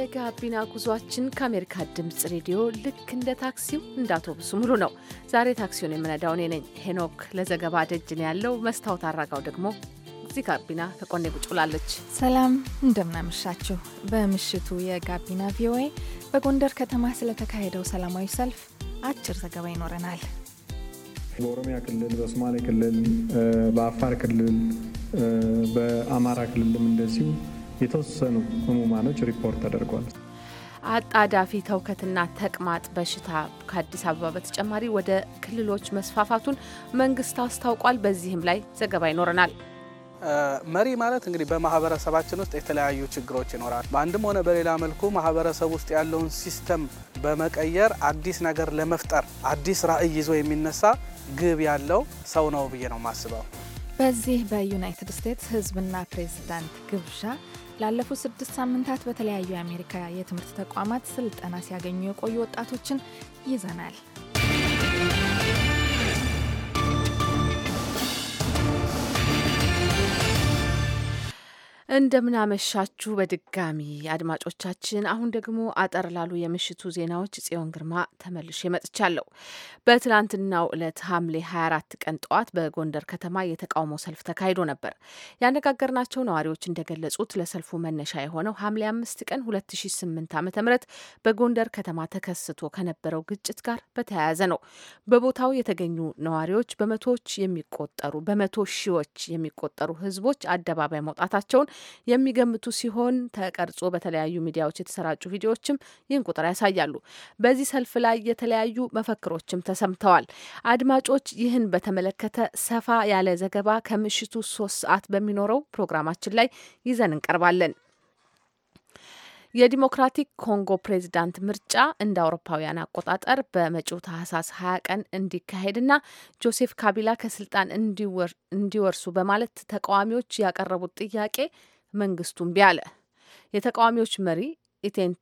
የጋቢና ጉዟችን ከአሜሪካ ድምፅ ሬዲዮ ልክ እንደ ታክሲው እንደ አውቶቡሱ ሙሉ ነው። ዛሬ ታክሲውን የምነዳው እኔ ነኝ ሄኖክ። ለዘገባ ደጅ ያለው። መስታወት አራጋው ደግሞ እዚህ ጋቢና ከቆኔ ቁጭ ብላለች። ሰላም እንደምናመሻችሁ። በምሽቱ የጋቢና ቪኦኤ በጎንደር ከተማ ስለተካሄደው ሰላማዊ ሰልፍ አጭር ዘገባ ይኖረናል። በኦሮሚያ ክልል፣ በሶማሌ ክልል፣ በአፋር ክልል፣ በአማራ ክልልም እንደዚሁ የተወሰኑ ህሙማኖች ሪፖርት ተደርጓል። አጣዳፊ ተውከትና ተቅማጥ በሽታ ከአዲስ አበባ በተጨማሪ ወደ ክልሎች መስፋፋቱን መንግስት አስታውቋል። በዚህም ላይ ዘገባ ይኖረናል። መሪ ማለት እንግዲህ በማህበረሰባችን ውስጥ የተለያዩ ችግሮች ይኖራል። በአንድም ሆነ በሌላ መልኩ ማህበረሰብ ውስጥ ያለውን ሲስተም በመቀየር አዲስ ነገር ለመፍጠር አዲስ ራዕይ ይዞ የሚነሳ ግብ ያለው ሰው ነው ብዬ ነው የማስበው። በዚህ በዩናይትድ ስቴትስ ህዝብና ፕሬዚዳንት ግብዣ ላለፉት ስድስት ሳምንታት በተለያዩ የአሜሪካ የትምህርት ተቋማት ስልጠና ሲያገኙ የቆዩ ወጣቶችን ይዘናል። እንደምናመሻችሁ በድጋሚ አድማጮቻችን። አሁን ደግሞ አጠር ላሉ የምሽቱ ዜናዎች ጽዮን ግርማ ተመልሼ መጥቻለሁ። በትላንትናው ዕለት ሐምሌ 24 ቀን ጠዋት በጎንደር ከተማ የተቃውሞ ሰልፍ ተካሂዶ ነበር። ያነጋገርናቸው ነዋሪዎች እንደገለጹት ለሰልፉ መነሻ የሆነው ሐምሌ 5 ቀን 2008 ዓ ም በጎንደር ከተማ ተከስቶ ከነበረው ግጭት ጋር በተያያዘ ነው። በቦታው የተገኙ ነዋሪዎች በመቶዎች የሚቆጠሩ በመቶ ሺዎች የሚቆጠሩ ህዝቦች አደባባይ መውጣታቸውን የሚገምቱ ሲሆን ተቀርጾ በተለያዩ ሚዲያዎች የተሰራጩ ቪዲዮዎችም ይህን ቁጥር ያሳያሉ። በዚህ ሰልፍ ላይ የተለያዩ መፈክሮችም ተሰምተዋል። አድማጮች ይህን በተመለከተ ሰፋ ያለ ዘገባ ከምሽቱ ሶስት ሰዓት በሚኖረው ፕሮግራማችን ላይ ይዘን እንቀርባለን። የዲሞክራቲክ ኮንጎ ፕሬዚዳንት ምርጫ እንደ አውሮፓውያን አቆጣጠር በመጪው ታህሳስ ሀያ ቀን እንዲካሄድና ጆሴፍ ካቢላ ከስልጣን እንዲወርሱ በማለት ተቃዋሚዎች ያቀረቡት ጥያቄ መንግስቱም ቢያለ የተቃዋሚዎች መሪ ኢቴን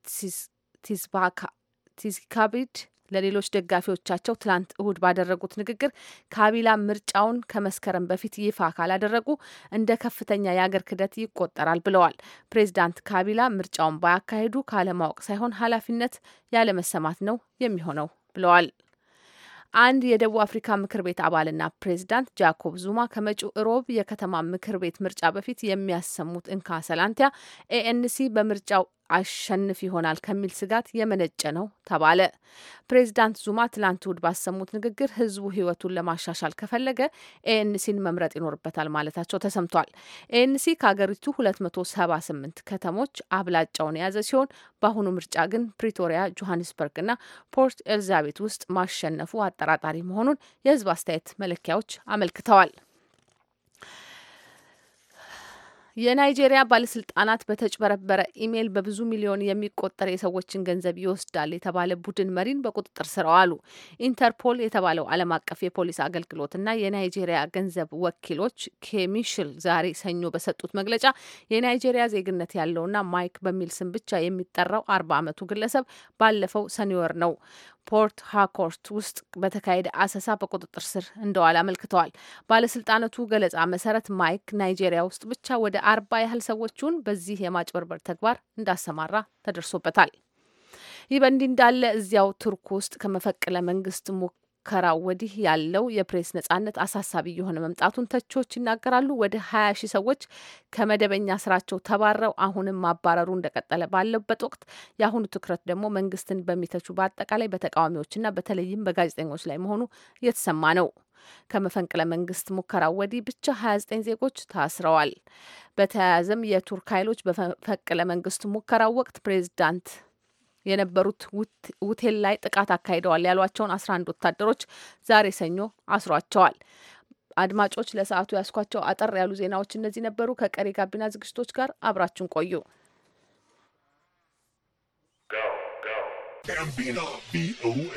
ቲስካቢድ ለሌሎች ደጋፊዎቻቸው ትላንት እሁድ ባደረጉት ንግግር ካቢላ ምርጫውን ከመስከረም በፊት ይፋ ካላደረጉ እንደ ከፍተኛ የአገር ክደት ይቆጠራል ብለዋል። ፕሬዚዳንት ካቢላ ምርጫውን ባያካሄዱ ካለማወቅ ሳይሆን ኃላፊነት ያለመሰማት ነው የሚሆነው ብለዋል። አንድ የደቡብ አፍሪካ ምክር ቤት አባልና ፕሬዚዳንት ጃኮብ ዙማ ከመጪው ሮብ የከተማ ምክር ቤት ምርጫ በፊት የሚያሰሙት እንካ ሰላንቲያ ኤኤንሲ በምርጫው አሸንፍ ይሆናል ከሚል ስጋት የመነጨ ነው ተባለ። ፕሬዚዳንት ዙማ ትላንት እሁድ ባሰሙት ንግግር ህዝቡ ህይወቱን ለማሻሻል ከፈለገ ኤንሲን መምረጥ ይኖርበታል ማለታቸው ተሰምቷል። ኤንሲ ከሀገሪቱ 278 ከተሞች አብላጫውን የያዘ ሲሆን በአሁኑ ምርጫ ግን ፕሪቶሪያ፣ እና ፖርት ኤልዛቤት ውስጥ ማሸነፉ አጠራጣሪ መሆኑን የህዝብ አስተያየት መለኪያዎች አመልክተዋል። የናይጄሪያ ባለስልጣናት በተጭበረበረ ኢሜይል በብዙ ሚሊዮን የሚቆጠር የሰዎችን ገንዘብ ይወስዳል የተባለ ቡድን መሪን በቁጥጥር ስር አዋሉ። ኢንተርፖል የተባለው ዓለም አቀፍ የፖሊስ አገልግሎት እና የናይጄሪያ ገንዘብ ወኪሎች ኬሚሽል ዛሬ ሰኞ በሰጡት መግለጫ የናይጄሪያ ዜግነት ያለውና ማይክ በሚል ስም ብቻ የሚጠራው አርባ ዓመቱ ግለሰብ ባለፈው ሰኒወር ነው ፖርት ሃኮርት ውስጥ በተካሄደ አሰሳ በቁጥጥር ስር እንደዋል አመልክተዋል። ባለስልጣናቱ ገለጻ መሰረት ማይክ ናይጄሪያ ውስጥ ብቻ ወደ አርባ ያህል ሰዎቹን በዚህ የማጭበርበር ተግባር እንዳሰማራ ተደርሶበታል። ይህ በእንዲህ እንዳለ እዚያው ቱርክ ውስጥ ከመፈቅለ መንግስት ሙከራ ወዲህ ያለው የፕሬስ ነጻነት አሳሳቢ የሆነ መምጣቱን ተቾች ይናገራሉ። ወደ ሀያ ሺህ ሰዎች ከመደበኛ ስራቸው ተባረው አሁንም ማባረሩ እንደቀጠለ ባለበት ወቅት የአሁኑ ትኩረት ደግሞ መንግስትን በሚተቹ በአጠቃላይ በተቃዋሚዎችና በተለይም በጋዜጠኞች ላይ መሆኑ እየተሰማ ነው። ከመፈንቅለ መንግስት ሙከራው ወዲህ ብቻ 29 ዜጎች ታስረዋል። በተያያዘም የቱርክ ኃይሎች በመፈንቅለ መንግስት ሙከራው ወቅት ፕሬዚዳንት የነበሩት ውቴል ላይ ጥቃት አካሂደዋል ያሏቸውን 11 ወታደሮች ዛሬ ሰኞ አስሯቸዋል። አድማጮች ለሰዓቱ ያስኳቸው አጠር ያሉ ዜናዎች እነዚህ ነበሩ። ከቀሪ ጋቢና ዝግጅቶች ጋር አብራችሁን ቆዩ። ጋቢና ቪኦኤ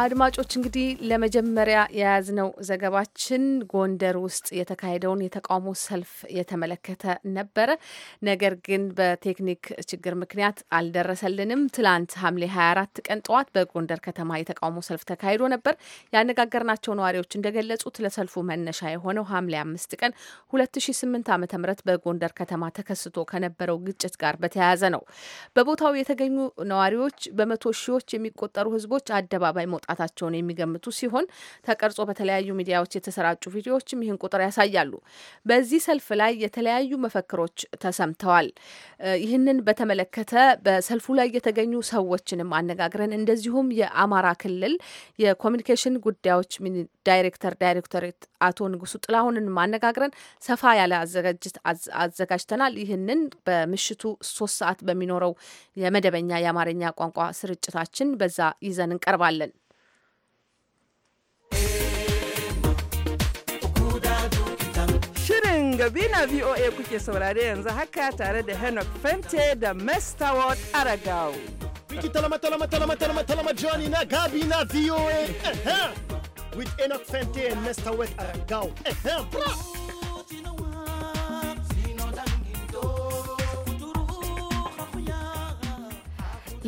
አድማጮች እንግዲህ ለመጀመሪያ የያዝነው ዘገባችን ጎንደር ውስጥ የተካሄደውን የተቃውሞ ሰልፍ የተመለከተ ነበረ። ነገር ግን በቴክኒክ ችግር ምክንያት አልደረሰልንም። ትላንት ሐምሌ 24 ቀን ጠዋት በጎንደር ከተማ የተቃውሞ ሰልፍ ተካሂዶ ነበር። ያነጋገርናቸው ነዋሪዎች እንደገለጹት ለሰልፉ መነሻ የሆነው ሐምሌ 5 ቀን 2008 ዓ ም በጎንደር ከተማ ተከስቶ ከነበረው ግጭት ጋር በተያያዘ ነው። በቦታው የተገኙ ነዋሪዎች በመቶ ሺዎች የሚቆጠሩ ህዝቦች አደባባይ መውጣታቸውን የሚገምቱ ሲሆን ተቀርጾ በተለያዩ ሚዲያዎች የተሰራጩ ቪዲዮዎችም ይህን ቁጥር ያሳያሉ። በዚህ ሰልፍ ላይ የተለያዩ መፈክሮች ተሰምተዋል። ይህንን በተመለከተ በሰልፉ ላይ የተገኙ ሰዎችንም አነጋግረን እንደዚሁም የአማራ ክልል የኮሚኒኬሽን ጉዳዮች ዳይሬክተር ዳይሬክቶሬት አቶ ንጉሱ ጥላሁንን ማነጋግረን ሰፋ ያለ አዘጋጅት አዘጋጅተናል። ይህንን በምሽቱ ሶስት ሰዓት በሚኖረው የመደበኛ የአማርኛ ቋንቋ ስርጭታችን በዛ ይዘን እንቀርባለን። Dabina VOA kuke saurare yanzu haka tare da Henok Fente da Mestaward Aragao. Wiki talama talama talama talama talama Johnny na Gabi na VOA. With Henok Fente and Mestaward Aragaw.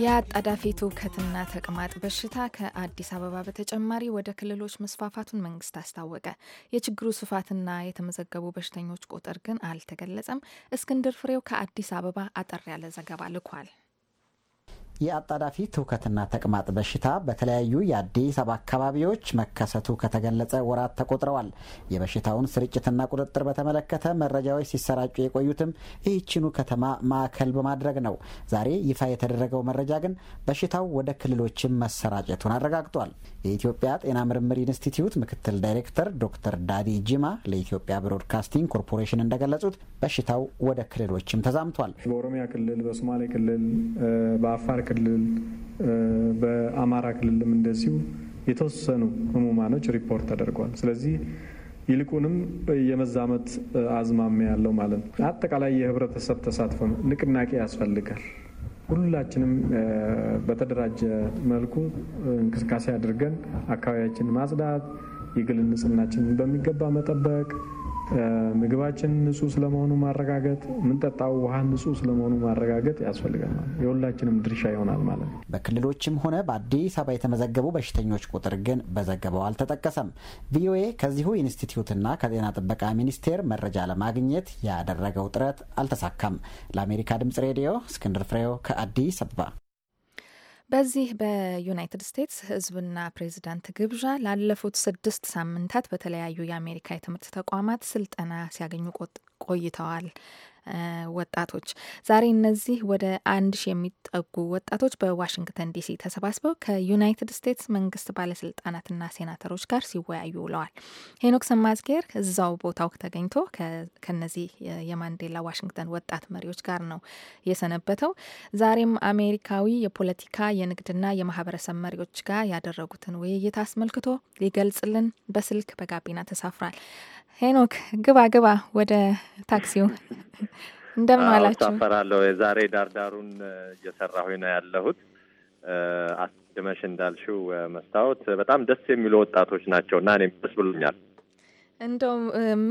የአጣዳፊ ትውከትና ተቅማጥ በሽታ ከአዲስ አበባ በተጨማሪ ወደ ክልሎች መስፋፋቱን መንግስት አስታወቀ። የችግሩ ስፋትና የተመዘገቡ በሽተኞች ቁጥር ግን አልተገለጸም። እስክንድር ፍሬው ከአዲስ አበባ አጠር ያለ ዘገባ ልኳል። የአጣዳፊ ትውከትና ተቅማጥ በሽታ በተለያዩ የአዲስ አበባ አካባቢዎች መከሰቱ ከተገለጸ ወራት ተቆጥረዋል። የበሽታውን ስርጭትና ቁጥጥር በተመለከተ መረጃዎች ሲሰራጩ የቆዩትም ይህችኑ ከተማ ማዕከል በማድረግ ነው። ዛሬ ይፋ የተደረገው መረጃ ግን በሽታው ወደ ክልሎችም መሰራጨቱን አረጋግጧል። የኢትዮጵያ ጤና ምርምር ኢንስቲትዩት ምክትል ዳይሬክተር ዶክተር ዳዲ ጂማ ለኢትዮጵያ ብሮድካስቲንግ ኮርፖሬሽን እንደገለጹት በሽታው ወደ ክልሎችም ተዛምቷል። በኦሮሚያ ክልል፣ በሶማሌ ክልል፣ በአፋር ክልል በአማራ ክልልም እንደዚሁ የተወሰኑ ህሙማኖች ሪፖርት ተደርጓል። ስለዚህ ይልቁንም የመዛመት አዝማሚያ ያለው ማለት ነው። አጠቃላይ የህብረተሰብ ተሳትፎ ንቅናቄ ያስፈልጋል። ሁላችንም በተደራጀ መልኩ እንቅስቃሴ አድርገን አካባቢያችን ማጽዳት፣ የግል ንጽህናችንን በሚገባ መጠበቅ ምግባችን ንጹህ ስለመሆኑ ማረጋገጥ፣ የምንጠጣው ውሃ ንጹህ ስለመሆኑ ማረጋገጥ ያስፈልገናል። የሁላችንም ድርሻ ይሆናል ማለት ነው። በክልሎችም ሆነ በአዲስ አበባ የተመዘገቡ በሽተኞች ቁጥር ግን በዘገባው አልተጠቀሰም። ቪኦኤ ከዚሁ ኢንስቲትዩትና ከጤና ጥበቃ ሚኒስቴር መረጃ ለማግኘት ያደረገው ጥረት አልተሳካም። ለአሜሪካ ድምጽ ሬዲዮ እስክንድር ፍሬው ከአዲስ አበባ በዚህ በዩናይትድ ስቴትስ ህዝብና ፕሬዚዳንት ግብዣ ላለፉት ስድስት ሳምንታት በተለያዩ የአሜሪካ የትምህርት ተቋማት ስልጠና ሲያገኙ ቆይተዋል። ወጣቶች ዛሬ እነዚህ ወደ አንድ ሺህ የሚጠጉ ወጣቶች በዋሽንግተን ዲሲ ተሰባስበው ከዩናይትድ ስቴትስ መንግስት ባለስልጣናትና ሴናተሮች ጋር ሲወያዩ ውለዋል። ሄኖክ ሰማዝጌር እዛው ቦታው ተገኝቶ ከነዚህ የማንዴላ ዋሽንግተን ወጣት መሪዎች ጋር ነው የሰነበተው። ዛሬም አሜሪካዊ የፖለቲካ የንግድና የማህበረሰብ መሪዎች ጋር ያደረጉትን ውይይት አስመልክቶ ሊገልጽልን በስልክ በጋቢና ተሳፍሯል። ሄኖክ ግባ ግባ ወደ ታክሲው። እንደምን አላችሁ? አፈራለሁ የዛሬ ዳርዳሩን እየሰራሁኝ ነው ያለሁት። አስቀድመሽ እንዳልሽው መስታወት በጣም ደስ የሚሉ ወጣቶች ናቸው እና እኔም ደስ ብሎኛል። እንደው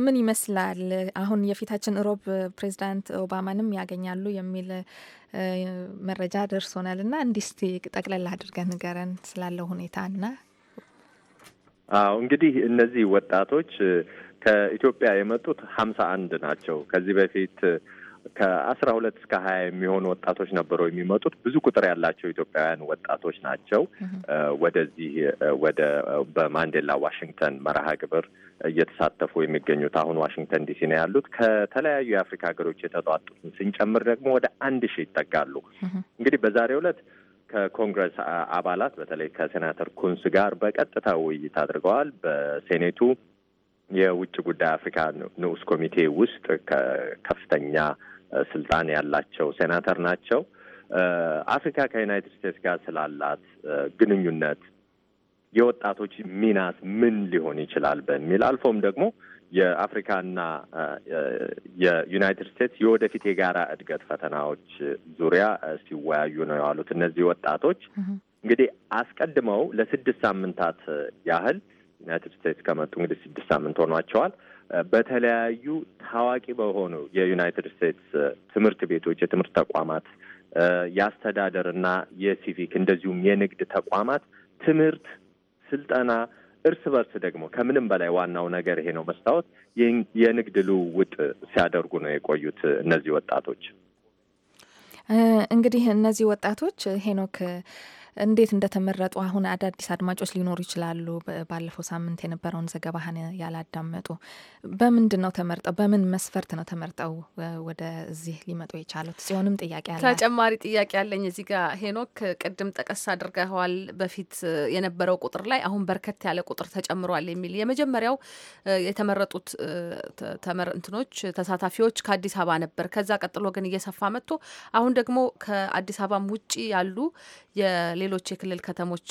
ምን ይመስላል አሁን የፊታችን እሮብ ፕሬዚዳንት ኦባማንም ያገኛሉ የሚል መረጃ ደርሶናል እና እንዲህ እስቲ ጠቅለል አድርገን ንገረን ስላለው ሁኔታ እና አዎ እንግዲህ እነዚህ ወጣቶች ከኢትዮጵያ የመጡት ሀምሳ አንድ ናቸው። ከዚህ በፊት ከአስራ ሁለት እስከ ሀያ የሚሆኑ ወጣቶች ነበረው የሚመጡት። ብዙ ቁጥር ያላቸው ኢትዮጵያውያን ወጣቶች ናቸው ወደዚህ ወደ በማንዴላ ዋሽንግተን መርሃ ግብር እየተሳተፉ የሚገኙት። አሁን ዋሽንግተን ዲሲ ነው ያሉት። ከተለያዩ የአፍሪካ ሀገሮች የተጧጡትን ስንጨምር ደግሞ ወደ አንድ ሺህ ይጠጋሉ። እንግዲህ በዛሬው ዕለት ከኮንግረስ አባላት በተለይ ከሴናተር ኩንስ ጋር በቀጥታ ውይይት አድርገዋል። በሴኔቱ የውጭ ጉዳይ አፍሪካ ንዑስ ኮሚቴ ውስጥ ከፍተኛ ስልጣን ያላቸው ሴናተር ናቸው። አፍሪካ ከዩናይትድ ስቴትስ ጋር ስላላት ግንኙነት የወጣቶች ሚናስ ምን ሊሆን ይችላል በሚል አልፎም ደግሞ የአፍሪካና የዩናይትድ ስቴትስ የወደፊት የጋራ እድገት ፈተናዎች ዙሪያ ሲወያዩ ነው የዋሉት። እነዚህ ወጣቶች እንግዲህ አስቀድመው ለስድስት ሳምንታት ያህል ዩናይትድ ስቴትስ ከመጡ እንግዲህ ስድስት ሳምንት ሆኗቸዋል። በተለያዩ ታዋቂ በሆኑ የዩናይትድ ስቴትስ ትምህርት ቤቶች፣ የትምህርት ተቋማት፣ የአስተዳደርና የሲቪክ እንደዚሁም የንግድ ተቋማት ትምህርት፣ ስልጠና እርስ በርስ ደግሞ ከምንም በላይ ዋናው ነገር ይሄ ነው። መስታወት የንግድ ልውውጥ ሲያደርጉ ነው የቆዩት እነዚህ ወጣቶች እንግዲህ እነዚህ ወጣቶች ሄኖክ እንዴት እንደተመረጡ አሁን አዳዲስ አድማጮች ሊኖሩ ይችላሉ። ባለፈው ሳምንት የነበረውን ዘገባ ያላዳመጡ በምንድን ነው ተመርጠው በምን መስፈርት ነው ተመርጠው ወደዚህ ሊመጡ የቻሉት? ሲሆንም ጥያቄ አለ ተጨማሪ ጥያቄ አለኝ እዚህ ጋር ሄኖክ፣ ቅድም ጠቀስ አድርገዋል። በፊት የነበረው ቁጥር ላይ አሁን በርከት ያለ ቁጥር ተጨምሯል የሚል የመጀመሪያው የተመረጡት እንትኖች ተሳታፊዎች ከአዲስ አበባ ነበር። ከዛ ቀጥሎ ግን እየሰፋ መጥቶ አሁን ደግሞ ከአዲስ አበባም ውጭ ያሉ ሌሎች የክልል ከተሞች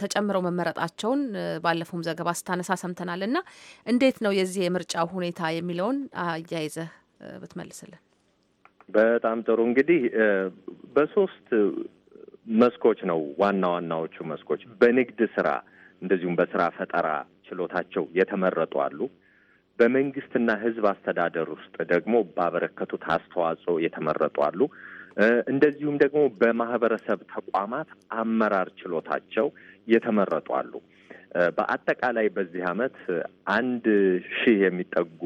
ተጨምረው መመረጣቸውን ባለፈውም ዘገባ ስታነሳ ሰምተናል እና እንዴት ነው የዚህ የምርጫ ሁኔታ የሚለውን አያይዘህ ብትመልስልን። በጣም ጥሩ እንግዲህ በሶስት መስኮች ነው ዋና ዋናዎቹ መስኮች በንግድ ስራ እንደዚሁም በስራ ፈጠራ ችሎታቸው የተመረጡ አሉ። በመንግስትና ሕዝብ አስተዳደር ውስጥ ደግሞ ባበረከቱት አስተዋጽኦ የተመረጡ አሉ። እንደዚሁም ደግሞ በማህበረሰብ ተቋማት አመራር ችሎታቸው የተመረጡ አሉ። በአጠቃላይ በዚህ አመት አንድ ሺህ የሚጠጉ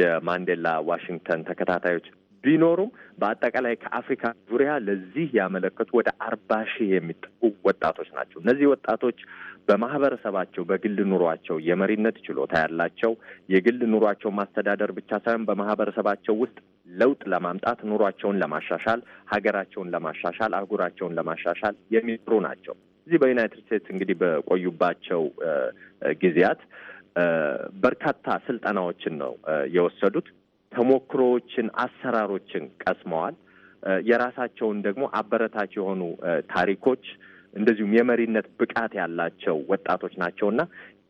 የማንዴላ ዋሽንግተን ተከታታዮች ቢኖሩም በአጠቃላይ ከአፍሪካ ዙሪያ ለዚህ ያመለከቱ ወደ አርባ ሺህ የሚጠጉ ወጣቶች ናቸው። እነዚህ ወጣቶች በማህበረሰባቸው በግል ኑሯቸው የመሪነት ችሎታ ያላቸው የግል ኑሯቸው ማስተዳደር ብቻ ሳይሆን በማህበረሰባቸው ውስጥ ለውጥ ለማምጣት ኑሯቸውን ለማሻሻል፣ ሀገራቸውን ለማሻሻል፣ አህጉራቸውን ለማሻሻል የሚጥሩ ናቸው። እዚህ በዩናይትድ ስቴትስ እንግዲህ በቆዩባቸው ጊዜያት በርካታ ስልጠናዎችን ነው የወሰዱት። ተሞክሮዎችን፣ አሰራሮችን ቀስመዋል። የራሳቸውን ደግሞ አበረታች የሆኑ ታሪኮች እንደዚሁም የመሪነት ብቃት ያላቸው ወጣቶች ናቸውና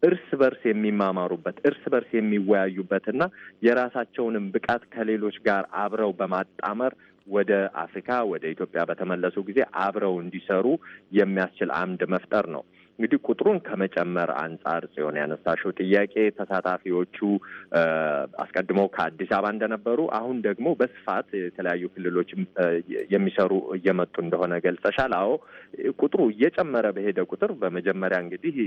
እርስ በርስ የሚማማሩበት እርስ በርስ የሚወያዩበትና የራሳቸውንም ብቃት ከሌሎች ጋር አብረው በማጣመር ወደ አፍሪካ ወደ ኢትዮጵያ በተመለሱ ጊዜ አብረው እንዲሰሩ የሚያስችል አምድ መፍጠር ነው። እንግዲህ ቁጥሩን ከመጨመር አንጻር ጽዮን ያነሳሽው ጥያቄ ተሳታፊዎቹ አስቀድመው ከአዲስ አበባ እንደነበሩ አሁን ደግሞ በስፋት የተለያዩ ክልሎች የሚሰሩ እየመጡ እንደሆነ ገልጸሻል። አዎ ቁጥሩ እየጨመረ በሄደ ቁጥር በመጀመሪያ እንግዲህ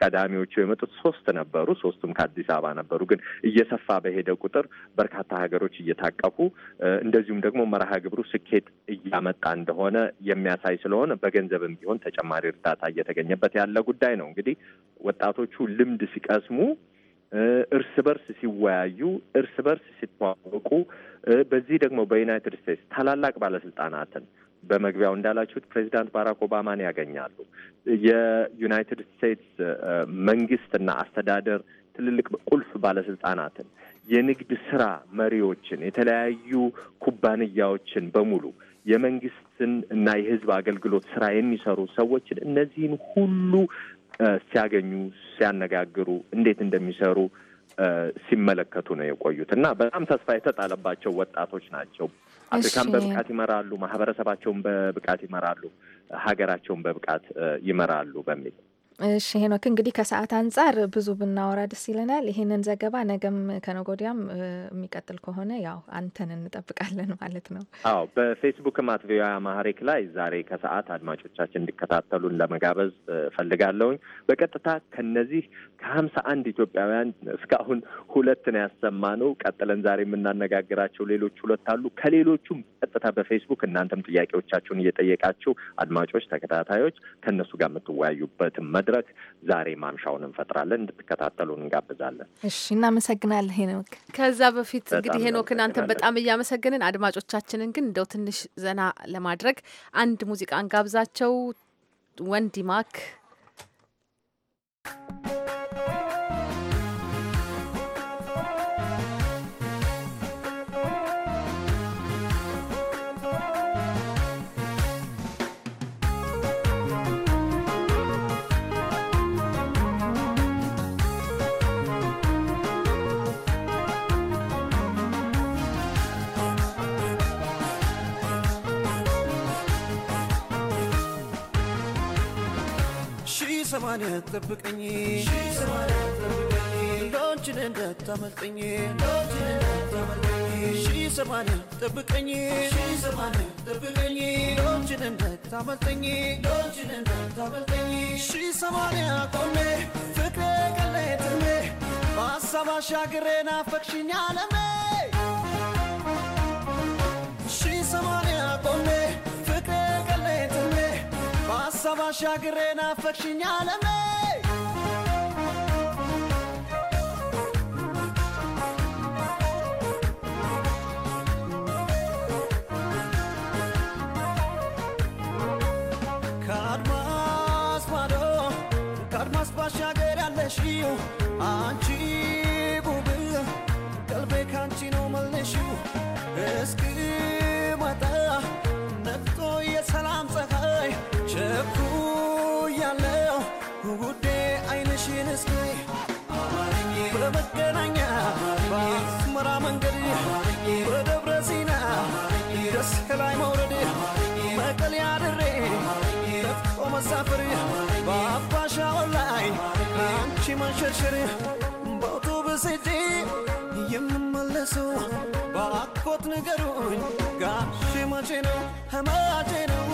ቀዳሚዎቹ የመጡት ሶስት ነበሩ። ሶስቱም ከአዲስ አበባ ነበሩ። ግን እየሰፋ በሄደ ቁጥር በርካታ ሀገሮች እየታቀፉ እንደዚሁም ደግሞ መርሃ ግብሩ ስኬት እያመጣ እንደሆነ የሚያሳይ ስለሆነ በገንዘብም ቢሆን ተጨማሪ እርዳታ እየተገኘበት ያለ ያለ ጉዳይ ነው። እንግዲህ ወጣቶቹ ልምድ ሲቀስሙ እርስ በርስ ሲወያዩ፣ እርስ በርስ ሲተዋወቁ፣ በዚህ ደግሞ በዩናይትድ ስቴትስ ታላላቅ ባለስልጣናትን በመግቢያው እንዳላችሁት ፕሬዚዳንት ባራክ ኦባማን ያገኛሉ። የዩናይትድ ስቴትስ መንግስትና አስተዳደር ትልልቅ ቁልፍ ባለስልጣናትን፣ የንግድ ስራ መሪዎችን፣ የተለያዩ ኩባንያዎችን በሙሉ የመንግስትን እና የህዝብ አገልግሎት ስራ የሚሰሩ ሰዎችን እነዚህን ሁሉ ሲያገኙ፣ ሲያነጋግሩ፣ እንዴት እንደሚሰሩ ሲመለከቱ ነው የቆዩት እና በጣም ተስፋ የተጣለባቸው ወጣቶች ናቸው። አፍሪካን በብቃት ይመራሉ፣ ማህበረሰባቸውን በብቃት ይመራሉ፣ ሀገራቸውን በብቃት ይመራሉ በሚል እሺ ሄኖክ እንግዲህ ከሰዓት አንጻር ብዙ ብናወራ ደስ ይለናል። ይህንን ዘገባ ነገም ከነጎዲያም የሚቀጥል ከሆነ ያው አንተን እንጠብቃለን ማለት ነው። አዎ በፌስቡክ ማትቪያ አማሪክ ላይ ዛሬ ከሰዓት አድማጮቻችን እንዲከታተሉን ለመጋበዝ ፈልጋለሁኝ። በቀጥታ ከነዚህ ከሀምሳ አንድ ኢትዮጵያውያን እስካሁን ሁለት ነው ያሰማነው። ቀጥለን ዛሬ የምናነጋግራቸው ሌሎች ሁለት አሉ። ከሌሎቹም ቀጥታ በፌስቡክ እናንተም ጥያቄዎቻችሁን እየጠየቃችሁ አድማጮች፣ ተከታታዮች ከእነሱ ጋር የምትወያዩበት መድረክ ዛሬ ማምሻውን እንፈጥራለን። እንድትከታተሉን እንጋብዛለን። እሺ፣ እናመሰግናለን ሄኖክ። ከዛ በፊት እንግዲህ ሄኖክን አንተን በጣም እያመሰገንን አድማጮቻችንን ግን እንደው ትንሽ ዘና ለማድረግ አንድ ሙዚቃ እንጋብዛቸው። ወንዲ ማክ ሰማንያ ጠብቀኝ ሎችን እንዳታመልጠኝ ሺ ሰማንያ ጠብቀኝ ሎችን እንዳታመልጠኝ ሺ ሰማንያ ቆሜ ፍቅሬ ቀለይ ትሜ በሀሳብ አሻግሬ ናፈቅሽኝ አለሜ ከሀሳብ አሻግሬ ናፈቅሽኝ አለሜ ባሻገር ያለሽው አንቺ ውብ ቀልቤ ካንቺ ነው መልሽው እስኪ መራ መንገድ በደብረ ሲና ደስ ላይ መውረድ መቀሌ አድሬ ለፍቶ መሳፈር በአባሻ ላይ አንቺ መንሸርሸር በአውቶቡስ ሄጄ የምመለሰው ባኮት ንገሩኝ ጋሽ መቼ ነው መቼ ነው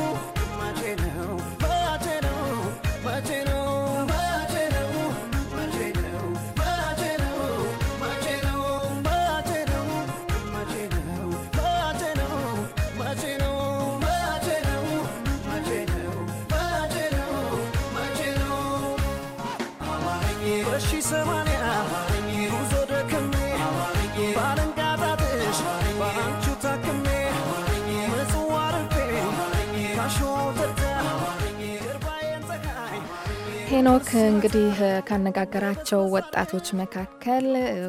ሄኖክ እንግዲህ ካነጋገራቸው ወጣቶች መካከል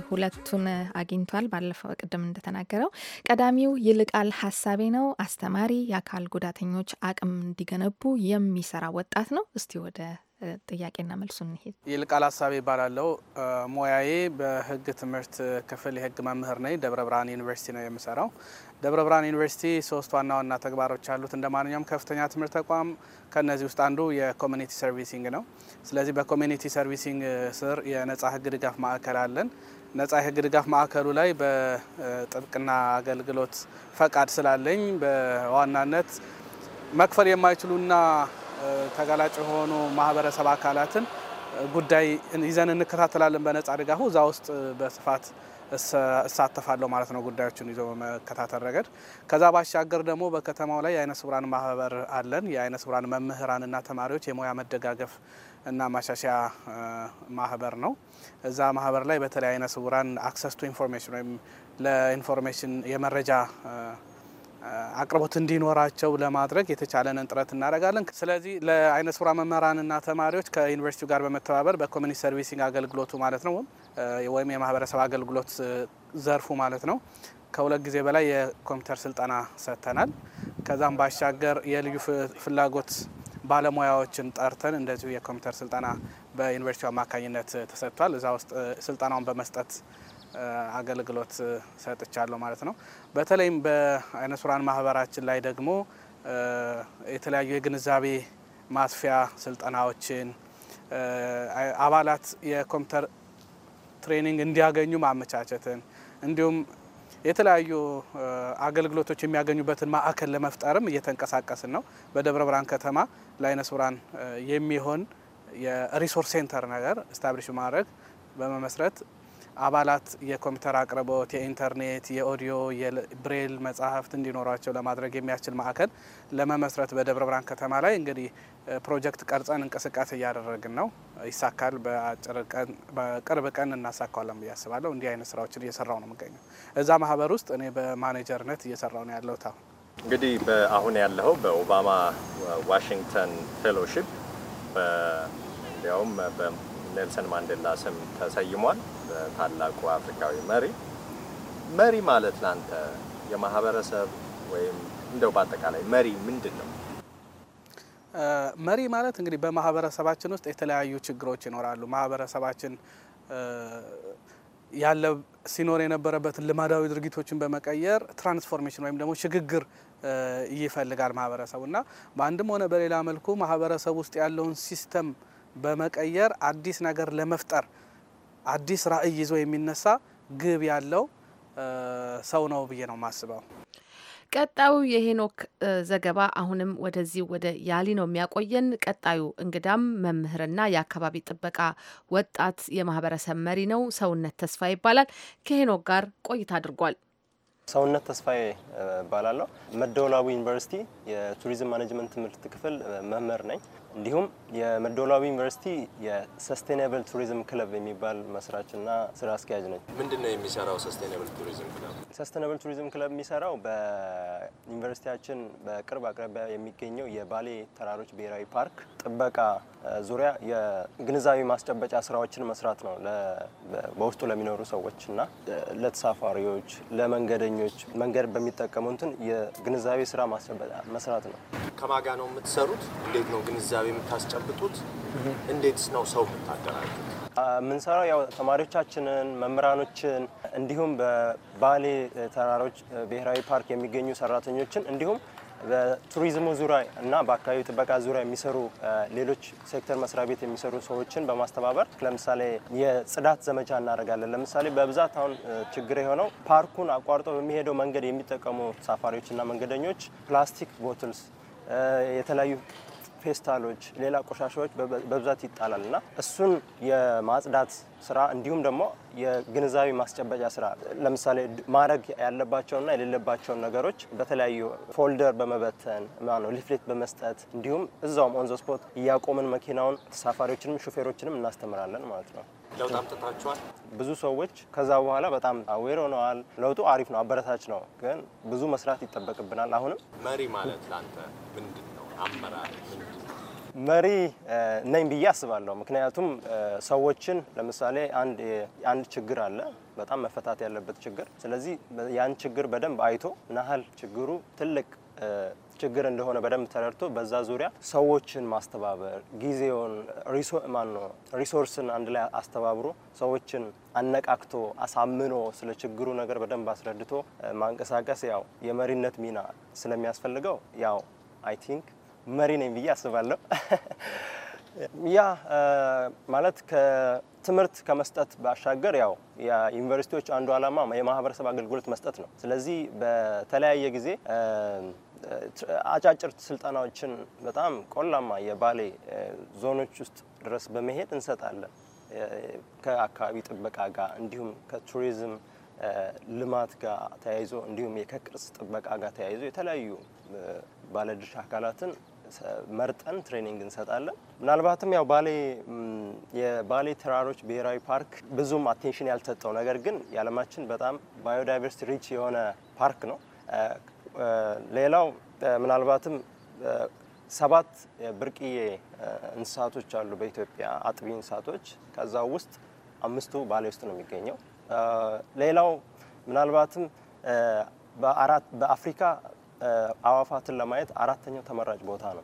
ሁለቱን አግኝቷል። ባለፈው ቅድም እንደተናገረው ቀዳሚው ይልቃል ሀሳቤ ነው። አስተማሪ፣ የአካል ጉዳተኞች አቅም እንዲገነቡ የሚሰራ ወጣት ነው። እስቲ ወደ ጥያቄና መልሱ እንሄድ። ይልቃል ሀሳብ ይባላለው። ሙያዬ በህግ ትምህርት ክፍል የህግ መምህር ነኝ። ደብረ ብርሃን ዩኒቨርሲቲ ነው የምሰራው። ደብረ ብርሃን ዩኒቨርሲቲ ሶስት ዋና ዋና ተግባሮች አሉት እንደ ማንኛውም ከፍተኛ ትምህርት ተቋም። ከእነዚህ ውስጥ አንዱ የኮሚኒቲ ሰርቪሲንግ ነው። ስለዚህ በኮሚኒቲ ሰርቪሲንግ ስር የነጻ ህግ ድጋፍ ማዕከል አለን። ነጻ የህግ ድጋፍ ማዕከሉ ላይ በጥብቅና አገልግሎት ፈቃድ ስላለኝ በዋናነት መክፈል የማይችሉና ተጋላጭ የሆኑ ማህበረሰብ አካላትን ጉዳይ ይዘን እንከታተላለን። በነጻ ድጋፉ እዛ ውስጥ በስፋት እሳተፋለሁ ማለት ነው፣ ጉዳዮችን ይዞ በመከታተል ረገድ። ከዛ ባሻገር ደግሞ በከተማው ላይ የአይነ ስውራን ማህበር አለን። የአይነ ስውራን መምህራንና ተማሪዎች የሙያ መደጋገፍ እና ማሻሻያ ማህበር ነው። እዛ ማህበር ላይ በተለይ አይነ ስውራን አክሰስ ቱ ኢንፎርሜሽን ወይም ለኢንፎርሜሽን የመረጃ አቅርቦት እንዲኖራቸው ለማድረግ የተቻለንን ጥረት እናደርጋለን። ስለዚህ ለአይነ ስውራ መምህራንና ተማሪዎች ከዩኒቨርሲቲው ጋር በመተባበር በኮሚኒቲ ሰርቪሲንግ አገልግሎቱ ማለት ነው ወይም የማህበረሰብ አገልግሎት ዘርፉ ማለት ነው ከሁለት ጊዜ በላይ የኮምፒውተር ስልጠና ሰጥተናል። ከዛም ባሻገር የልዩ ፍላጎት ባለሙያዎችን ጠርተን እንደዚሁ የኮምፒውተር ስልጠና በዩኒቨርሲቲው አማካኝነት ተሰጥቷል። እዛ ውስጥ ስልጠናውን በመስጠት አገልግሎት ሰጥቻለሁ ማለት ነው። በተለይም በአይነ ሱራን ማህበራችን ላይ ደግሞ የተለያዩ የግንዛቤ ማስፊያ ስልጠናዎችን አባላት የኮምፒውተር ትሬኒንግ እንዲያገኙ ማመቻቸትን እንዲሁም የተለያዩ አገልግሎቶች የሚያገኙበትን ማዕከል ለመፍጠርም እየተንቀሳቀስን ነው። በደብረ ብርሃን ከተማ ለአይነ ስውራን የሚሆን የሪሶርስ ሴንተር ነገር ስታብሊሽ ማድረግ በመመስረት አባላት የኮምፒውተር አቅርቦት፣ የኢንተርኔት፣ የኦዲዮ፣ የብሬል መጽሐፍት እንዲኖራቸው ለማድረግ የሚያስችል ማዕከል ለመመስረት በደብረ ብርሃን ከተማ ላይ እንግዲህ ፕሮጀክት ቀርጸን እንቅስቃሴ እያደረግን ነው። ይሳካል። በቅርብ ቀን እናሳካዋለን ብዬ አስባለሁ። እንዲህ አይነት ስራዎችን እየሰራው ነው የምገኘው። እዛ ማህበር ውስጥ እኔ በማኔጀርነት እየሰራው ነው ያለሁት። አሁን እንግዲህ አሁን ያለው በኦባማ ዋሽንግተን ፌሎሺፕ እንዲያውም በኔልሰን ማንዴላ ስም ተሰይሟል። ታላቁ አፍሪካዊ መሪ መሪ ማለት ለአንተ የማህበረሰብ ወይም እንደው በአጠቃላይ መሪ ምንድን ነው? መሪ ማለት እንግዲህ በማህበረሰባችን ውስጥ የተለያዩ ችግሮች ይኖራሉ። ማህበረሰባችን ያለ ሲኖር የነበረበትን ልማዳዊ ድርጊቶችን በመቀየር ትራንስፎርሜሽን ወይም ደግሞ ሽግግር ይፈልጋል ማህበረሰቡ እና በአንድም ሆነ በሌላ መልኩ ማህበረሰብ ውስጥ ያለውን ሲስተም በመቀየር አዲስ ነገር ለመፍጠር አዲስ ራዕይ ይዞ የሚነሳ ግብ ያለው ሰው ነው ብዬ ነው የማስበው። ቀጣዩ የሄኖክ ዘገባ አሁንም ወደዚህ ወደ ያሊ ነው የሚያቆየን። ቀጣዩ እንግዳም መምህርና የአካባቢ ጥበቃ ወጣት የማህበረሰብ መሪ ነው። ሰውነት ተስፋ ይባላል። ከሄኖክ ጋር ቆይታ አድርጓል። ሰውነት ተስፋዬ እባላለሁ። መደወላቡ ዩኒቨርሲቲ የቱሪዝም ማኔጅመንት ትምህርት ክፍል መምህር ነኝ። እንዲሁም የመርዶላዊ ዩኒቨርሲቲ የሰስቴናብል ቱሪዝም ክለብ የሚባል መስራችና ስራ አስኪያጅ ነኝ። ምንድን ነው የሚሰራው ሰስቴናብል ቱሪዝም ክለብ? ሰስቴናብል ቱሪዝም ክለብ የሚሰራው በዩኒቨርሲቲያችን በቅርብ አቅራቢያ የሚገኘው የባሌ ተራሮች ብሔራዊ ፓርክ ጥበቃ ዙሪያ የግንዛቤ ማስጨበጫ ስራዎችን መስራት ነው። በውስጡ ለሚኖሩ ሰዎችና ለተሳፋሪዎች፣ ለመንገደኞች መንገድ በሚጠቀሙትን የግንዛቤ ስራ ማስጨበጫ መስራት ነው። ከማጋ ነው የምትሰሩት? እንዴት ነው ግንዛቤ ግንዛቤ የምታስጨብጡት? እንዴትስ ነው ሰው የምታደራጁት? ምንሰራው ያው ተማሪዎቻችንን፣ መምህራኖችን እንዲሁም በባሌ ተራሮች ብሔራዊ ፓርክ የሚገኙ ሰራተኞችን እንዲሁም በቱሪዝሙ ዙሪያ እና በአካባቢ ጥበቃ ዙሪያ የሚሰሩ ሌሎች ሴክተር መስሪያ ቤት የሚሰሩ ሰዎችን በማስተባበር ለምሳሌ የጽዳት ዘመቻ እናደርጋለን። ለምሳሌ በብዛት አሁን ችግር የሆነው ፓርኩን አቋርጦ በሚሄደው መንገድ የሚጠቀሙ እና መንገደኞች ፕላስቲክ ቦትልስ የተለያዩ ፌስታሎች፣ ሌላ ቆሻሻዎች በብዛት ይጣላል እና እሱን የማጽዳት ስራ እንዲሁም ደግሞ የግንዛቤ ማስጨበጫ ስራ ለምሳሌ ማድረግ ያለባቸውና የሌለባቸውን ነገሮች በተለያዩ ፎልደር በመበተን ነው ሊፍሌት በመስጠት እንዲሁም እዛውም ኦንዘ ስፖት እያቆምን መኪናውን ተሳፋሪዎችንም ሹፌሮችንም እናስተምራለን ማለት ነው። ብዙ ሰዎች ከዛ በኋላ በጣም አዌር ሆነዋል። ለውጡ አሪፍ ነው፣ አበረታች ነው። ግን ብዙ መስራት ይጠበቅብናል። አሁንም መሪ ማለት ለአንተ ምንድን ነው? አመራር መሪ ነኝ ብዬ አስባለሁ። ምክንያቱም ሰዎችን ለምሳሌ አንድ ችግር አለ በጣም መፈታት ያለበት ችግር። ስለዚህ ያን ችግር በደንብ አይቶ ናህል ችግሩ ትልቅ ችግር እንደሆነ በደንብ ተረድቶ በዛ ዙሪያ ሰዎችን ማስተባበር ጊዜውን ማነው ሪሶርስን አንድ ላይ አስተባብሮ ሰዎችን አነቃክቶ አሳምኖ ስለ ችግሩ ነገር በደንብ አስረድቶ ማንቀሳቀስ ያው የመሪነት ሚና ስለሚያስፈልገው ያው አይ ቲንክ መሪ ነኝ ብዬ አስባለሁ። ያ ማለት ከትምህርት ከመስጠት ባሻገር ያው ዩኒቨርሲቲዎች አንዱ ዓላማ የማህበረሰብ አገልግሎት መስጠት ነው። ስለዚህ በተለያየ ጊዜ አጫጭር ስልጠናዎችን በጣም ቆላማ የባሌ ዞኖች ውስጥ ድረስ በመሄድ እንሰጣለን። ከአካባቢ ጥበቃ ጋር እንዲሁም ከቱሪዝም ልማት ጋር ተያይዞ እንዲሁም ከቅርስ ጥበቃ ጋር ተያይዞ የተለያዩ ባለድርሻ አካላትን መርጠን ትሬኒንግ እንሰጣለን። ምናልባትም ያው ባሌ የባሌ ተራሮች ብሔራዊ ፓርክ ብዙም አቴንሽን ያልተሰጠው ነገር ግን የዓለማችን በጣም ባዮዳይቨርሲቲ ሪች የሆነ ፓርክ ነው። ሌላው ምናልባትም ሰባት ብርቅዬ እንስሳቶች አሉ በኢትዮጵያ አጥቢ እንስሳቶች። ከዛ ውስጥ አምስቱ ባሌ ውስጥ ነው የሚገኘው። ሌላው ምናልባትም በአራት በአፍሪካ አዋፋትን ለማየት አራተኛው ተመራጭ ቦታ ነው።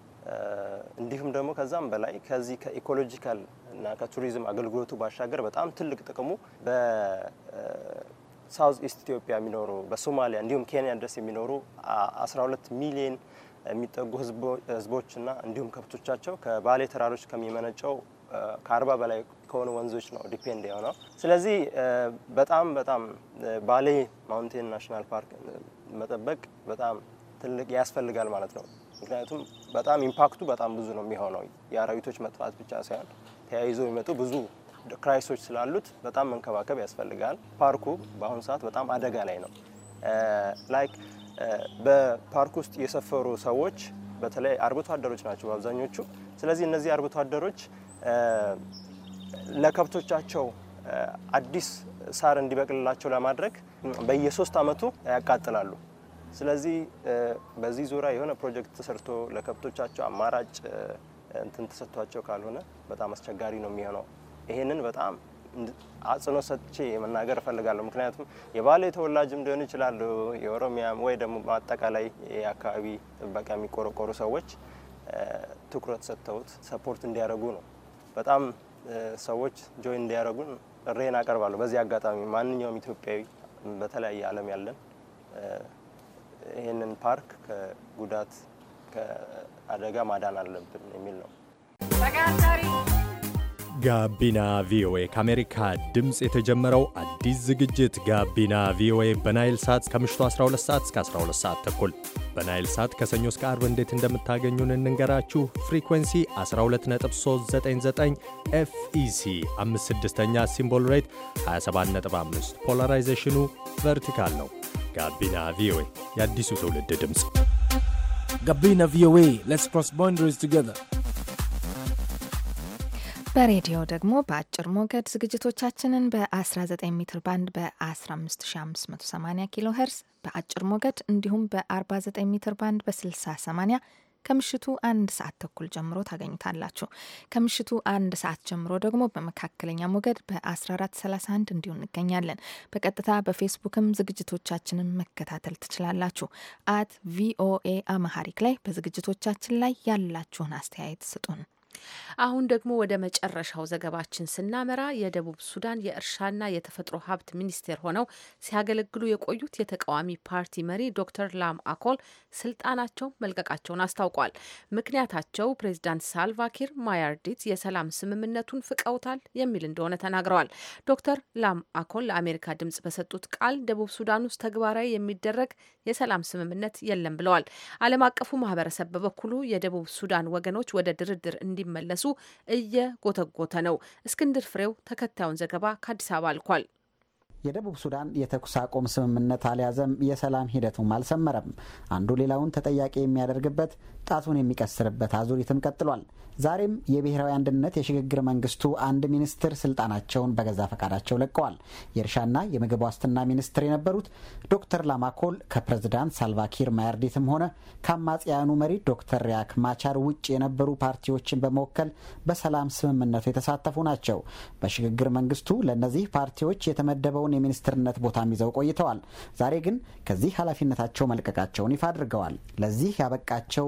እንዲሁም ደግሞ ከዛም በላይ ከዚህ ከኢኮሎጂካል እና ከቱሪዝም አገልግሎቱ ባሻገር በጣም ትልቅ ጥቅሙ በሳውዝ ኢስት ኢትዮጵያ የሚኖሩ በሶማሊያ እንዲሁም ኬንያ ድረስ የሚኖሩ 12 ሚሊዮን የሚጠጉ ህዝቦችና እንዲሁም ከብቶቻቸው ከባሌ ተራሮች ከሚመነጨው ከአርባ በላይ ከሆኑ ወንዞች ነው ዲፔንድ የሆነው። ስለዚህ በጣም በጣም ባሌ ማውንቴን ናሽናል ፓርክ መጠበቅ በጣም ትልቅ ያስፈልጋል ማለት ነው። ምክንያቱም በጣም ኢምፓክቱ በጣም ብዙ ነው የሚሆነው የአራዊቶች መጥፋት ብቻ ሳይሆን ተያይዞ የሚመጡ ብዙ ክራይሶች ስላሉት በጣም መንከባከብ ያስፈልጋል። ፓርኩ በአሁኑ ሰዓት በጣም አደጋ ላይ ነው። ላይክ በፓርክ ውስጥ የሰፈሩ ሰዎች በተለይ አርብቶ አደሮች ናቸው በአብዛኞቹ ስለዚህ እነዚህ አርብቶ አደሮች ለከብቶቻቸው አዲስ ሳር እንዲበቅልላቸው ለማድረግ በየሶስት ዓመቱ ያቃጥላሉ። ስለዚህ በዚህ ዙሪያ የሆነ ፕሮጀክት ተሰርቶ ለከብቶቻቸው አማራጭ እንትን ተሰጥቷቸው ካልሆነ በጣም አስቸጋሪ ነው የሚሆነው። ይሄንን በጣም አጽኖ ሰጥቼ መናገር እፈልጋለሁ። ምክንያቱም የባሌ ተወላጅም ሊሆን ይችላሉ፣ የኦሮሚያም ወይ ደግሞ በአጠቃላይ የአካባቢ ጥበቃ የሚቆረቆሩ ሰዎች ትኩረት ሰጥተውት ሰፖርት እንዲያደርጉ ነው በጣም ሰዎች ጆይን እንዲያደርጉ ጥሬን አቀርባለሁ። በዚህ አጋጣሚ ማንኛውም ኢትዮጵያዊ በተለያየ ዓለም ያለን ይህንን ፓርክ ከጉዳት ከአደጋ ማዳን አለብን የሚል ነው። ጋቢና ቪኦኤ ከአሜሪካ ድምፅ የተጀመረው አዲስ ዝግጅት ጋቢና ቪኦኤ በናይል ሳት ከምሽቱ 12 ሰዓት እስከ 12 ሰዓት ተኩል በናይል ሳት ከሰኞ እስከ አርብ እንዴት እንደምታገኙን እንንገራችሁ። ፍሪኩንሲ 12399 ፍኢሲ 56ኛ ሲምቦል ሬት 275 ፖላራይዜሽኑ ቨርቲካል ነው። ጋቢና ቪኦኤ የአዲሱ ትውልድ ድምፅ። ጋቢና ቪኦኤ ሌትስ ክሮስ ቦንደሪስ ቱጌዘር። በሬዲዮ ደግሞ በአጭር ሞገድ ዝግጅቶቻችንን በ19 ሜትር ባንድ በ15580 ኪሎ ሄርስ በአጭር ሞገድ እንዲሁም በ49 ሜትር ባንድ በ6080 ከምሽቱ አንድ ሰዓት ተኩል ጀምሮ ታገኙታላችሁ። ከምሽቱ አንድ ሰዓት ጀምሮ ደግሞ በመካከለኛ ሞገድ በ1431 እንዲሁ እንገኛለን። በቀጥታ በፌስቡክም ዝግጅቶቻችንን መከታተል ትችላላችሁ። አት ቪኦኤ አማሃሪክ ላይ በዝግጅቶቻችን ላይ ያላችሁን አስተያየት ስጡን። አሁን ደግሞ ወደ መጨረሻው ዘገባችን ስናመራ የደቡብ ሱዳን የእርሻና የተፈጥሮ ሀብት ሚኒስቴር ሆነው ሲያገለግሉ የቆዩት የተቃዋሚ ፓርቲ መሪ ዶክተር ላም አኮል ስልጣናቸው መልቀቃቸውን አስታውቋል። ምክንያታቸው ፕሬዚዳንት ሳልቫኪር ማያርዲት የሰላም ስምምነቱን ፍቀውታል የሚል እንደሆነ ተናግረዋል። ዶክተር ላም አኮል ለአሜሪካ ድምጽ በሰጡት ቃል ደቡብ ሱዳን ውስጥ ተግባራዊ የሚደረግ የሰላም ስምምነት የለም ብለዋል። ዓለም አቀፉ ማህበረሰብ በበኩሉ የደቡብ ሱዳን ወገኖች ወደ ድርድር እንዲ እንዲመለሱ እየጎተጎተ ነው። እስክንድር ፍሬው ተከታዩን ዘገባ ከአዲስ አበባ አልኳል። የደቡብ ሱዳን የተኩስ አቁም ስምምነት አልያዘም፣ የሰላም ሂደቱም አልሰመረም። አንዱ ሌላውን ተጠያቂ የሚያደርግበት ጣቱን የሚቀስርበት አዙሪትም ቀጥሏል። ዛሬም የብሔራዊ አንድነት የሽግግር መንግስቱ አንድ ሚኒስትር ስልጣናቸውን በገዛ ፈቃዳቸው ለቀዋል። የእርሻና የምግብ ዋስትና ሚኒስትር የነበሩት ዶክተር ላማኮል ከፕሬዝዳንት ሳልቫኪር ማያርዲትም ሆነ ከአማጽያኑ መሪ ዶክተር ሪያክ ማቻር ውጭ የነበሩ ፓርቲዎችን በመወከል በሰላም ስምምነቱ የተሳተፉ ናቸው። በሽግግር መንግስቱ ለእነዚህ ፓርቲዎች የተመደበውን የሚኒስትርነት ቦታም ይዘው ቆይተዋል። ዛሬ ግን ከዚህ ኃላፊነታቸው መልቀቃቸውን ይፋ አድርገዋል። ለዚህ ያበቃቸው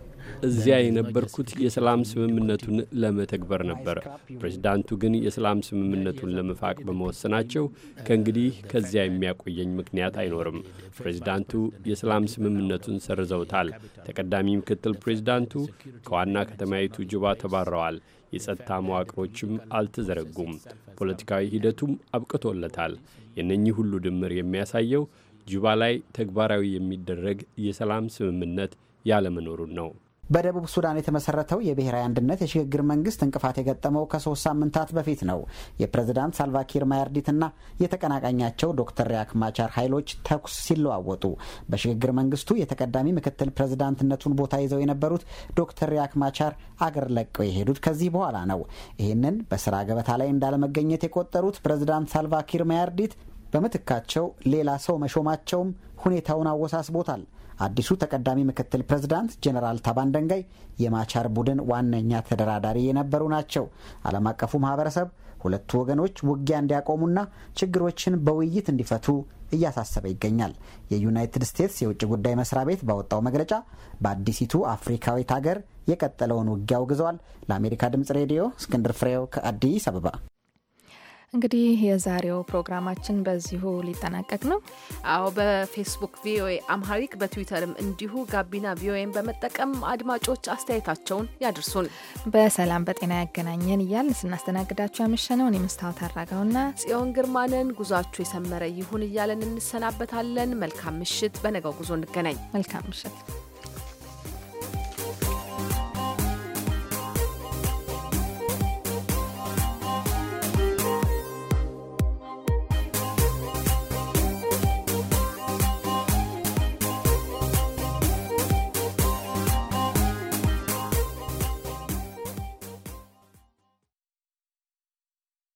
እዚያ የነበርኩት የሰላም ስምምነቱን ለመተግበር ነበር። ፕሬዚዳንቱ ግን የሰላም ስምምነቱን ለመፋቅ በመወሰናቸው ከእንግዲህ ከዚያ የሚያቆየኝ ምክንያት አይኖርም። ፕሬዚዳንቱ የሰላም ስምምነቱን ሰርዘውታል። ተቀዳሚ ምክትል ፕሬዚዳንቱ ከዋና ከተማይቱ ጁባ ተባረዋል። የጸጥታ መዋቅሮችም አልተዘረጉም። ፖለቲካዊ ሂደቱም አብቅቶለታል። የነኚህ ሁሉ ድምር የሚያሳየው ጁባ ላይ ተግባራዊ የሚደረግ የሰላም ስምምነት ያለመኖሩን ነው። በደቡብ ሱዳን የተመሰረተው የብሔራዊ አንድነት የሽግግር መንግስት እንቅፋት የገጠመው ከሶስት ሳምንታት በፊት ነው። የፕሬዝዳንት ሳልቫኪር ማያርዲትና የተቀናቃኛቸው ዶክተር ሪያክ ማቻር ኃይሎች ተኩስ ሲለዋወጡ በሽግግር መንግስቱ የተቀዳሚ ምክትል ፕሬዝዳንትነቱን ቦታ ይዘው የነበሩት ዶክተር ሪያክ ማቻር አገር ለቀው የሄዱት ከዚህ በኋላ ነው። ይህንን በስራ ገበታ ላይ እንዳለመገኘት የቆጠሩት ፕሬዝዳንት ሳልቫኪር ማያርዲት በምትካቸው ሌላ ሰው መሾማቸውም ሁኔታውን አወሳስቦታል። አዲሱ ተቀዳሚ ምክትል ፕሬዝዳንት ጀኔራል ታባን ደንጋይ የማቻር ቡድን ዋነኛ ተደራዳሪ የነበሩ ናቸው። ዓለም አቀፉ ማህበረሰብ ሁለቱ ወገኖች ውጊያ እንዲያቆሙና ችግሮችን በውይይት እንዲፈቱ እያሳሰበ ይገኛል። የዩናይትድ ስቴትስ የውጭ ጉዳይ መስሪያ ቤት ባወጣው መግለጫ በአዲሲቱ አፍሪካዊት ሀገር የቀጠለውን ውጊያ አውግዘዋል። ለአሜሪካ ድምጽ ሬዲዮ እስክንድር ፍሬው ከአዲስ አበባ እንግዲህ የዛሬው ፕሮግራማችን በዚሁ ሊጠናቀቅ ነው። አዎ በፌስቡክ ቪኦኤ አምሃሪክ በትዊተርም እንዲሁ ጋቢና ቪኦኤን በመጠቀም አድማጮች አስተያየታቸውን ያድርሱን። በሰላም በጤና ያገናኘን እያልን ስናስተናግዳችሁ ያመሸነውን እኔ መስታወት አራጋውና ጽዮን ግርማንን ጉዟችሁ የሰመረ ይሁን እያለን እንሰናበታለን። መልካም ምሽት። በነገው ጉዞ እንገናኝ። መልካም ምሽት።